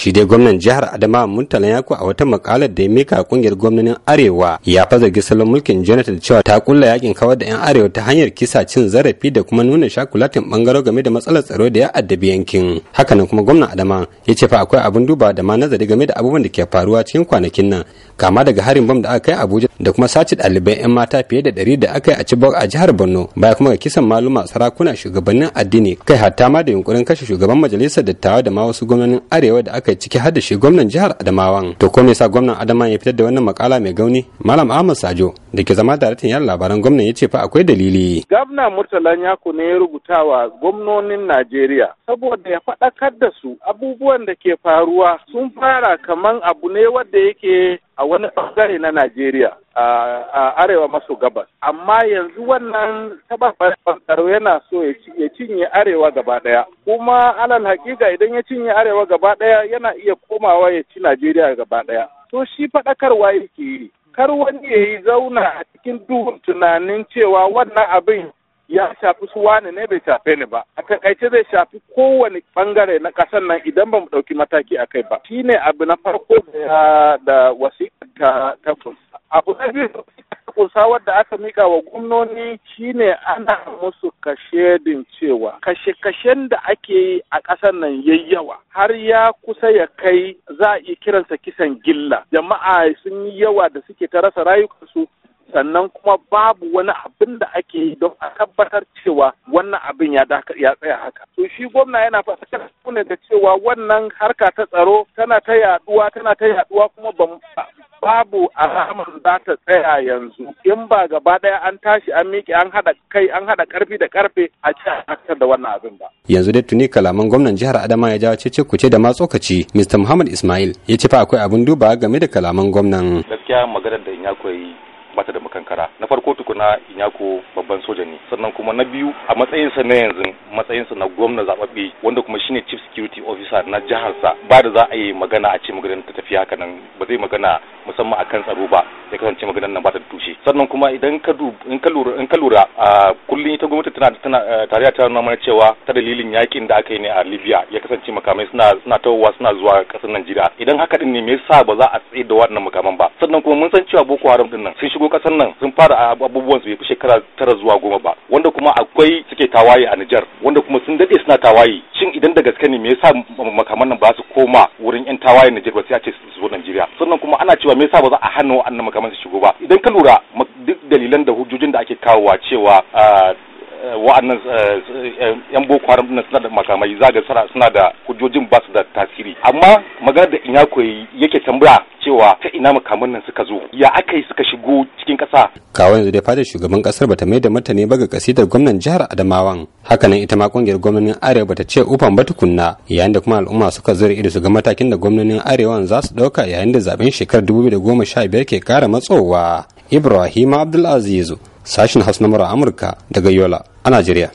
shi dai gwamnan jihar adama muntala yako a wata makalar da ya mika kungiyar gwamnanin arewa ya fa zargi salon mulkin jonathan cewa ta kulla yakin kawar da yan arewa ta hanyar kisa cin zarafi da kuma nuna shakulatin bangaro game da matsalar tsaro da ya addabi yankin hakanan kuma gwamnan adama ya ce fa akwai abin duba da ma nazari game da abubuwan da ke faruwa cikin kwanakin nan kama daga harin bam da aka kai abuja da kuma sace ɗaliban 'yan mata fiye da ɗari da aka yi a Chibok a jihar Borno baya kuma ga kisan maluma sarakuna shugabannin addini kai hatta ma da yunkurin kashe shugaban majalisar dattawa da ma wasu gwamnonin arewa da aka yi ciki har da shi gwamnan jihar Adamawan to ko me yasa gwamnan Adamawa ya fitar da wannan makala mai gauni Malam Ahmad Sajo da ke zama daraktan yan labaran gwamnan ya ce fa akwai dalili. Gwamna Murtala Nyako ne ya rubuta wa gwamnonin Najeriya saboda ya faɗakar da su abubuwan da ke faruwa sun fara kaman abu ne wanda yake a wani ɓangare na Najeriya a arewa maso gabas. Amma yanzu wannan taɓarɓar tsaro yana so ya cinye arewa gaba ɗaya. Kuma alal hakika idan ya cinye arewa gaba ɗaya yana iya komawa ya ci Najeriya gaba ɗaya. To shi faɗakarwa yake yi. kar wani ya yi zauna a cikin duhun tunanin cewa wannan abin ya shafi su wani ne bai shafe ni ba a takaice zai shafi kowane bangare na ƙasar nan idan ba mu ɗauki mataki a kai ba Shi ne abu na farko da wasiƙa ta kunsa abu na biyu kusa da aka mika wa gwamnoni shine ana musu kashedin cewa kashe-kashen da ake yi a ƙasar nan yawa, har ya kusa ya kai za a iya kiransa kisan gilla jama'a sun yi yawa da suke ta rasa rayukansu sannan kuma babu wani abin da ake yi don a tabbatar cewa wannan abin ya tsaya haka. To shi gwamna yana faɗakar ne da cewa wannan harka ta tsaro tana ta yaduwa tana ta yaduwa kuma babu alamar za ta tsaya yanzu in ba gaba daya an tashi an miƙe an haɗa kai an haɗa ƙarfi da ƙarfe a ci a da wannan abin ba. yanzu dai tuni kalaman gwamnan jihar adama ya jawo cece kuce da matsokaci mr muhammad ismail ya ce fa akwai abin duba game da kalaman gwamnan. gaskiya maganar da in ya koyi bata da makankara na farko tukuna inyako babban soja ne sannan kuma na biyu a matsayinsa na yanzu matsayinsa na gwamna zababbe wanda kuma shine chief security officer na jiharsa ba da za a yi magana a ce maganar ta tafi haka nan ba zai magana musamman a kan tsaro ba ya kasance maganar nan ba ta tushe sannan kuma idan ka in ka lura in ka lura a kullun ita gwamnati tana tana eh, tarayya ta nuna mana cewa ta dalilin yakin da aka yi ne a Libya ya kasance makamai suna suna tawowa suna zuwa kasar Najeriya idan haka din ne me yasa ba za a tsaye da wannan makaman ba sannan kuma mun san cewa Boko Haram din nan sun shigo kasar nan sun fara abubuwan su bai fi shekara tara zuwa goma ba wanda kuma akwai suke tawaye a Nijar wanda kuma sun dade suna tawaye shin idan da gaske ne me yasa makaman nan ba su koma wurin yan tawaye Nijar ba sai a ce su zo Najeriya sannan kuma ana cewa me yasa ba za a hana wa'annan makaman su shigo ba idan ka lura duk dalilan da hujjojin da ake wa cewa wa'annan yan boko haram din suna da makamai za suna da hujjojin ba su da tasiri amma magana da in koyi yake tambaya cewa ta ina makaman nan suka zo ya aka yi suka shigo cikin ƙasa. kawo yanzu dai fadar shugaban ƙasar bata mai da martani ba ga kasidar gwamnan jihar adamawan hakanan ita ma ƙungiyar gwamnonin arewa bata ce ufan ba tukunna yayin da kuma al'umma suka zura ido su ga matakin da gwamnonin arewan za su ɗauka yayin da zaben shekarar dubu da goma sha biyar ke kara matsowa ibrahim abdulaziz sashin hausa na amurka daga yola a najeriya